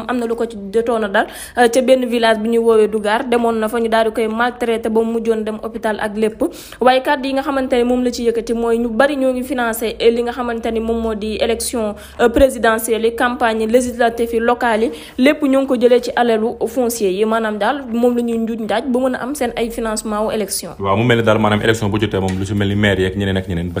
moom am na lu ko ci jotoon a dal euh, ca benn village bi ñuy woowee Dugar demoon na fa ñu daal di koy maltraité ba mu mujjoon dem hôpital ak lépp waaye kàddu yi nga xamante ni moom la ci yëkkati mooy ñu bari ñoo ngi financé euh, li nga ni moom moo di élection euh, présidentielle yi campagne législative yi locale yi lépp ñoo ngi ko jëlee ci alalu foncier yi maanaam daal moom la ñuy njuuj ndaaj ba mën a am seen ay financement wu élection waaw mu mel ni daal maanaam élection bu jotee moom lu ci mel ni maire yeeg ñeneen ak ñeneen ba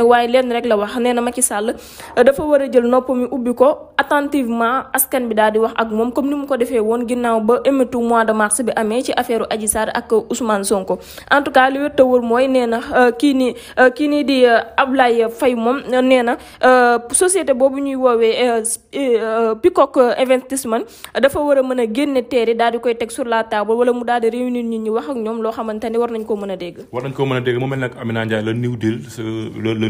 ne waaye lenn rek la wax nee na Macky Sall euh, dafa war a jël noppam yi ubbi ko attentivement askan bi daal di wax ak moom comme ni mu ko defee woon ginnaaw ba émetu mois de mars bi amee ci affaire Adji Sarr ak Ousmane Sonko en tout cas li wér te mooy nee na euh, kii nii euh, kii nii di Ablaye Faye moom nee na société boobu ñuy woowee Peacock Investissement dafa war a mën a génne teere daal di koy teg sur la table wala mu daal di réunir nit ñi wax ak ñoom loo xamante ne war nañ koo mën a dégg. war ko mën a dégg mu mel nag Amina Ndiaye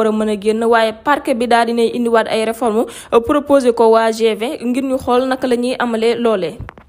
war a mën a génn waaye parquet bi daal dinay indiwaat ay réforme euh, proposé ko waa gv ngir ñu xool naka la ñuy amalee loolee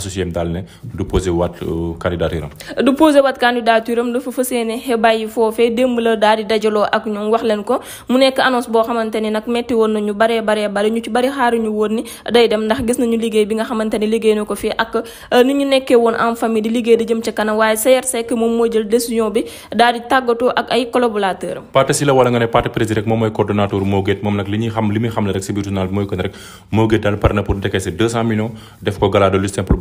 associé am daal ne du posé waat euh, candidature am. du posé waat candidature am dafa fas yéene bàyyi foofee démb la daal di dajaloo ak ñoom wax leen ko mu nekk annonce boo xamante ni nag metti woon nañu baree baree bare ñu ci bari xaaruñu woon ni day dem ndax gis nañu liggéey bi nga xamante liggéey na ko fii ak euh, ni ñu nekkee woon en famille di liggéey di jëm ca kanam waaye Sayer Seck moom moo jël décision bi daal di tàggatoo ak ay collaborateurs am. Pathé Sylla wala nga ne Pathé Prési Mo Gates moom nag li ñuy xam li muy xam rek si biir Mo Gates daal pare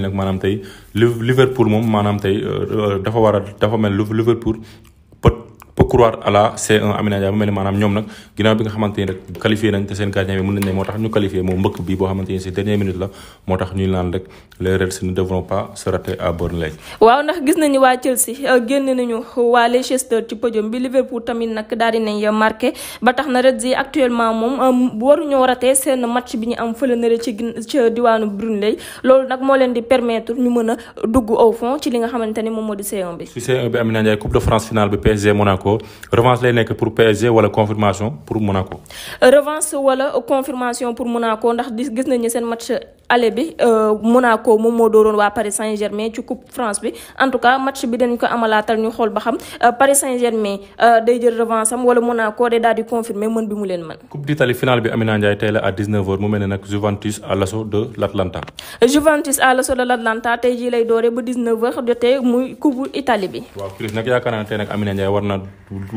mel nag maanaam tey Liverpool moom maanaam tey euh, dafa war a dafa mel Liverpool pot croire à la C1 Amina Dia mel ni maanaam ñoom nag ginnaaw bi nga xamante rek qualifié nañ te seen gardien bi mën nañ ne moo tax ñu qualifié moom euh, euh, waruñoo rater seen match bi ñu am fële na ci diwaanu Burnley loolu nag moo leen di permettre ñu mën a dugg au fond ci li nga xamante moom moo di C1 bi. ci c Coupe de France finale bi PSG Monaco revanche lay nekk pour PSG wala confirmation pour Monaco. revanche wala confirmation pour Monaco ndax gis nañu seen match. aller bi euh, Monaco moom moo dooroon waa Paris Saint-Germain ci coupe France bi en tout cas match bi dañ ko amalaatal ñu xool ba xam euh, Paris Saint-Germain euh, day jël revanche am Monaco day daal di mën bi mu leen mën. Coupe d'Italie finale bi Amina Ndiaye tey la à 19h mu mel ne nag Juventus à l'assaut de tey muy coupe Italie bi. waaw nag yaakaar naa ne tey nag Amina Ndiaye war na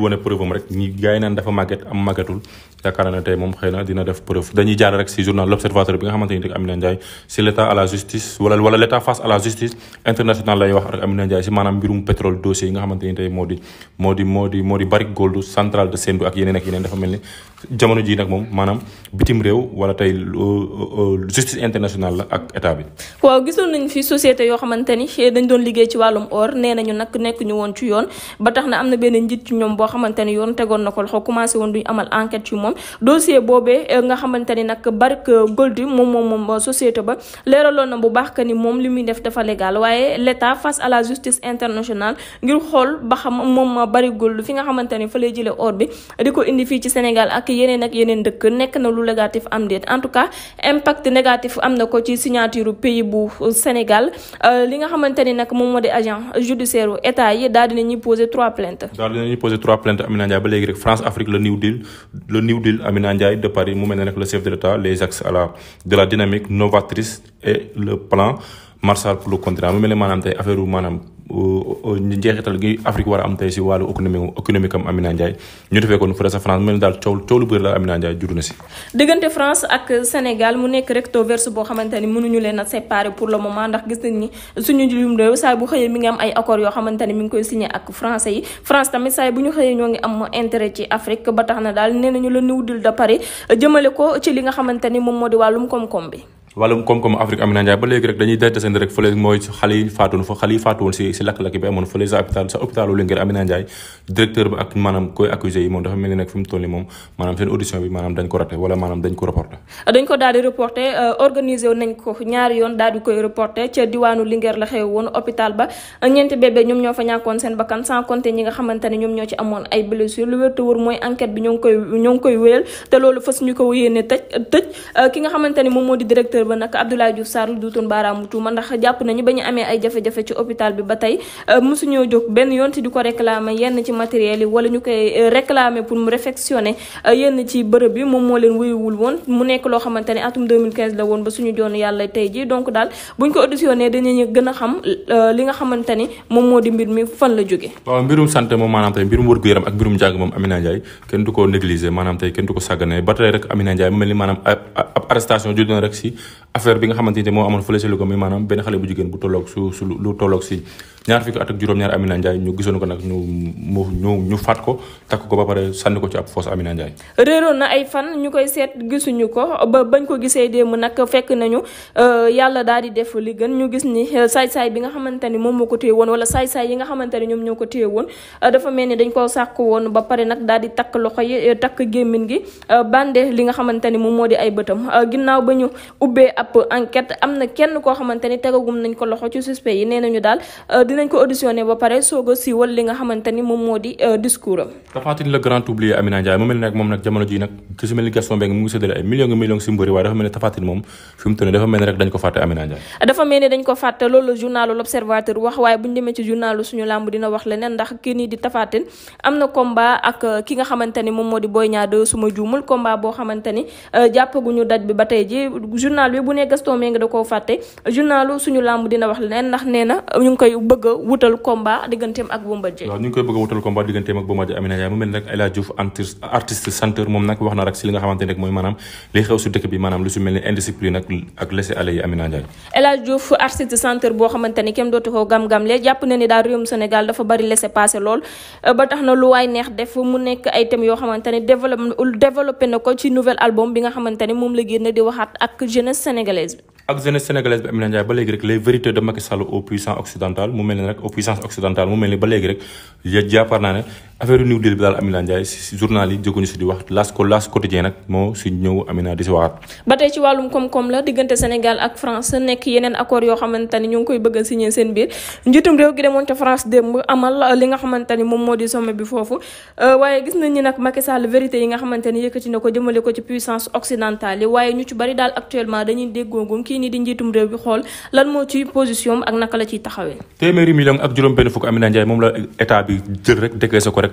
wane preuve am rek ñi gars yi naan dafa màgget am màggetul yaakaar naa ne tey moom xëy na dina si l' état à la justice wala wala l' état face à la justice internationale lay wax ak Amina Ndiaye si maanaam mbirum pétrole dossier yi nga xamante ni tey moo di moo di moo di moo di Barrick Gold centrale de Sendou ak yeneen ak yeneen dafa mel ni jamono ji nag moom maanaam bitim réew wala tey euh, euh, justice internationale la ak état bi. waaw gisoon nañ fi société yoo xamante ni dañ doon liggéey ci wàllum or nee nañu nag nekk ñu woon ci yoon ba tax na am na benn njiit ci ñoom boo xamante ni yoon tegoon na ko loxo commencé woon duñ amal enquête ci moom dossier boobee euh, nga xamante ni nag Barrick Gold moom moom moom société ba leeraloon na bu baax que ni moom li muy def dafa légal waaye l' état face à la justice internationale ngir xool ba xam moom bari Gold fi nga xamante ni fa lay jëlee or bi di ko indi fii ci yeneen ak yeneen dëkk nekk na lu négatif am en tout cas impact négatif am na ko ci signature pays bu Sénégal euh, li nga xamante ni nag moom moo di agent judiciaire état yi daal dinañuy poser trois plaintes. daal dinañuy poser trois plaintes Amina Ndiaye ba léegi rek France Afrique le New Deal le New Deal Amina Ndiaye de Paris mu mel ne nag le chef de l'État les axes à la de la dynamique novatrice et le plan Marshall pour le continent mu mel ne maanaam tey affaire maanaam. Euh, euh, njeexital gi Afrique war a am tey si wàllu économie économique am Amina Ndiaye ñu defee kon fële France ak Sénégal mu nekk recto verse boo xamante ni mënuñu leen a séparer pour le moment ndax gis nañ ni suñu juum réew saa bu xëyee mi ngi am ay accords yoo xamante ni mi ngi koy signé ak français yi France tamit saa bu ñu xëyee ñoo ngi am intérêt ci Afrique ba tax na daal nee nañu la New Deal de Paris jëmale ko ci li nga xamante ni moom moo di wàllum koom-koom bi. wàllum maanaam dañ ko raté dañ ko daal di reporté euh, organisé nañ ko ñaari yoon daal di koy reporté ca diwaanu Linguère la xew woon hôpital ba ñeenti bébé ñoom ñoo fa ñàkkoon seen bakkan sans compter ñi nga xamante ñoom ñoo ci amoon ay blessure lu wér te mooy enquête bi ñoo koy ñoo te loolu fas ñu ko yéene tëj tëj euh, ki nga xamante moom moo di directeur directeur ba nag Abdoulaye Diouf Sarr duutoon baaraamu tuuma ndax jàpp nañu ba ñu amee ay jafe-jafe ci hôpital bi ba tey euh, mosuñoo jóg benn yoon si di ko réclamer yenn ci matériel yi wala ñu koy euh, réclamer pour mu réfectionner euh, yenn ci bërëb yi moom moo leen wuyuwul woon mu nekk loo xamante ne atum 2015 la woon ba suñu joon yàlla tey ji donc daal buñ ko auditionné dinañu gën a xam li nga xamante ni moom moo di mbir mi fan la jóge waaw mbirum santé moom maanaam tey mbirum wërgu yaram ak mbirum jàng moom Amina Ndiaye ko négliger maanaam tey kenn du ko sàggane ba tey rek Amina Ndiaye mu mel si affaire bi nga xamante ko nag ñu mu ñu ñu ko ba pare ko ci ab foos Amina na ay fan ñu koy seet gisuñu ko ba bañ ko gisee démb euh, bi nga xamante ni moom moo ko téye woon wala saay-saay yi nga xamante ni ñoom ñoo ko téye woon euh, dafa mel ni dañ koo sàkk woon ba pare nag daal di takk loxo yi takk gémmin gi euh, bande li nga xamante ni moom moo di ay bëtam ginnaaw ba ñu ubbee ubbee ab am na kenn koo xamante ni nañ ko loxo ci suspect yi nee nañu daal euh, dinañ ko auditionné ba pare soog a siiwal li nga xamante moom moo di euh, discours am. Tapha Tine le grand Amina Ndiaye mu mel ne nag moom nag jamono ji nag ki su mel ni Gaston Mbengue mu ngi séddale ay millions nga si mbëri waaye dafa mel ne Tapha moom fi mu di Tapha am na combat ak euh, ki nga xamante moom moo di Boy Niang suma juumul combat boo xamante ni journal bu ne Gaston Mbengue da koo fàtte journalu suñu làmb dina wax leneen ndax nee ñu ngi koy bëgg wutal combat digganteem ak Bombardier waaw ñu ngi koy bëgg wutal combat digganteem ak Bombardier Amina mu nekk ay yoo xamante ne na ko ci nouvel album bi nga xamante moom la génn di waxaat ak jeunesse sénégalaise bi. ak jeunesse sénégalaise bi Amina Ndiaye ba léegi rek les vérités de Macky Sall aux puissances occidentales mu mel ni nag aux puissances occidentales mu mel ni ba léegi rek yéen jàppar naa ne affaire New Deal bi daal Amina Ndiaye si journal yi di wax las ko nag moo si ñëw Amina di si waxaat. ba tey ci wàllum koom-koom la diggante Sénégal ak France nekk yeneen a signé seen euh, ak ak juróom-benn fukk Amina Ndiaye moom la état bi jël rek déclenché ko rek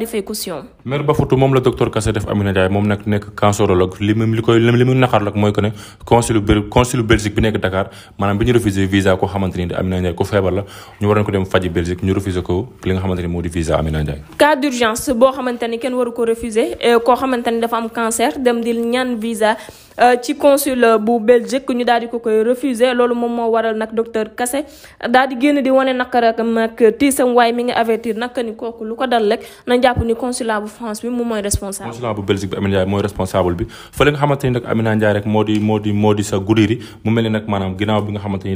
de fay caution. maire Bafoutou moom la docteur Kassé def Amina Ndiaye moom nag nekk cancérologue li mu li koy li mu naqar mooy que ne consul Belgique bi nekk Dakar maanaam bi ñu refusé visa koo xamante Amina Ndiaye ko feebar la ñu waroon ko dem faji Belgique ñu refusé ko li nga xamante moo di visa Amina Ndiaye. cas d' boo xamante kenn waru ko refusé eh, koo xamante dafa am cancer dem di ñaan visa. Euh, ci consul euh, bu Belgique ñu daal di ko koy refusé loolu moom moo waral nag docteur Kassé daal di génn di wane naqar ak tiisam waaye mi ngi avertir nag ni kooku lu ko dal rek na jàpp ni consulat bu France bi moom mooy responsable. consulat bu Belgique bi Amina Ndiaye mooy responsable bi fële nga bi nga xamante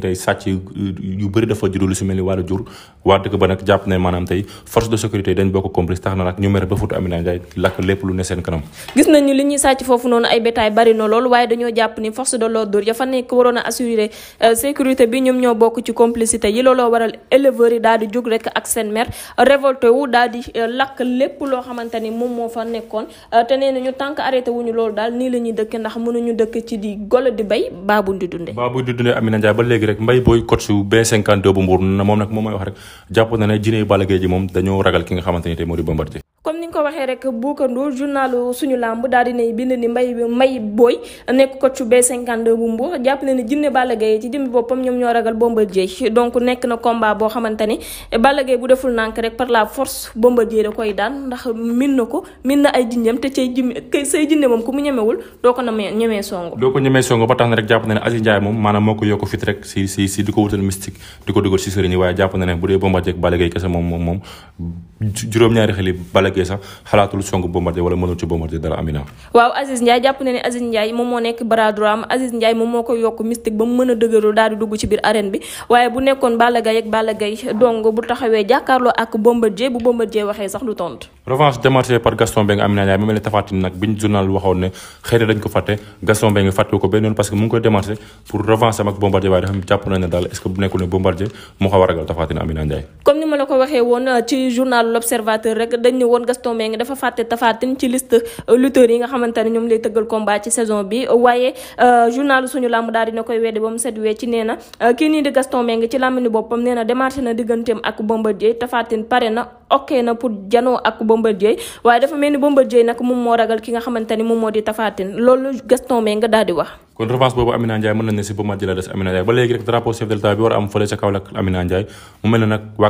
ni ni wàllu jur waa dëkk ba nag jàpp ne maanaam tey force de sécurité dañ bokk complice tax na nag ñu mer ba fut Amina Ndiaye lakk lépp lu ne seen kanam. gis nañu li ñuy sàcc foofu noonu ay bétail bari na lool waaye dañoo jàpp ni force de l'ordre ya fa nekk waroon a assurer euh, sécurité bi ñoom ñoo bokk ci complicité yi looloo waral éleveurs yi daal di jóg rekk ak seen maire révolté wu daal di euh, lakk lépp loo xamante ni moom moo fa nekkoon euh, te nee na ñu tànk arrêté wuñu loolu daal nii la ñuy dëkk ndax mënuñu dëkk ci di golo di bay baabu di dundee baabu di dundee Amina Ndiaye ba léegi rek mbay booy coach B52 bu Mbour moom nag moom mooy wax rek jàpp na ne jiney Balla Gaye ji moom dañoo ragal ki nga xamante ni tey moo di Bombardier comme ni nga ko waxee rek Boucar Ndour journalu suñu làmb daal dinay bind ni mbay mbay booy nekk coach B52 bu Mbour jàpp na ni Jinne Balla Gaye ci jëmmi boppam ñoom ñoo ragal Bombardier donc nekk na combat boo xamante ni Balla bu deful nànk rek par la force Bombardier da koy daan ndax min na ko min na ay jinneem te cay jim say jinne moom ku mu ñemewul doo ko namee ñemee songo doo ko ñemee songo ba tax na rek jàpp na ne Aziz Ndiaye moom maanaam moo ko yokk fit ëllëgee sax xalaatul song Bombardier wala mënul ci Bombardier dara Amina waaw Aziz Ndiaye jàpp na ne Aziz Ndiaye moom moo nekk bras droit am moom moo koy yokk mystique ba mu mën a dëgëroo dugg ci biir arène bi waaye bu nekkoon Balla ak Balla Gaye bu taxawee jàkkaarloo ak Bombardier bu Bombardier waxee sax du tontu revanche démarché par Gaston Mbengue Amina Ndiaye mu mel ne Tapha Tine nag biñ journal waxoon ne xëy na dañ ko fàtte Gaston Mbengue fàtte ko benn yoon parce que mu ngi koy démarché pour revanche am ak Bombardier waaye dafa jàpp nañ ne daal est ce que bu nekkul ne Bombardier moo ko war a ragal Tapha Tine Amina Ndiaye comme ni ma la ko waxee woon ci journal l'Observateur rek dañ ne woon Gaston Mbengue dafa fàtte Tapha Tine ci liste lutteurs yi nga xamante ne ñoom lay tëggal combat ci saison bi waaye euh, journal suñu làmb daal dina koy wedde ba mu set wee ci nee na euh, kii nii di Gaston Mbengue ci làmb ni boppam nee na démarché na digganteem ak Bombardier Tapha Tine pare na ok na pour janoo ak Bombardier waaye dafa mel ni Bombardier nag moom moo ragal ki nga xamante ni moo di Tapha loolu Gaston Mbengue daal di waa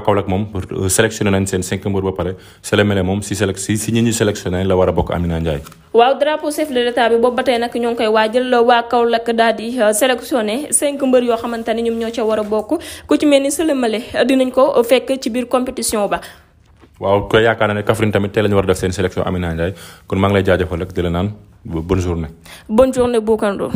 Kaolack moom euh, sélectionné nañ cinq mbër yoo xamante ni ñoo ca war a bokk ku ci mel ni sëlëmale dinañ ko fekk ci biir compétition ba waaw ko yaakaar naa ne Kaffrine tamit tey la ñu war a def seen sélection Amina Ndiaye kon maa ngi lay jaajëfal rek di la naan bonne journée. bonne journée Boucar Ndour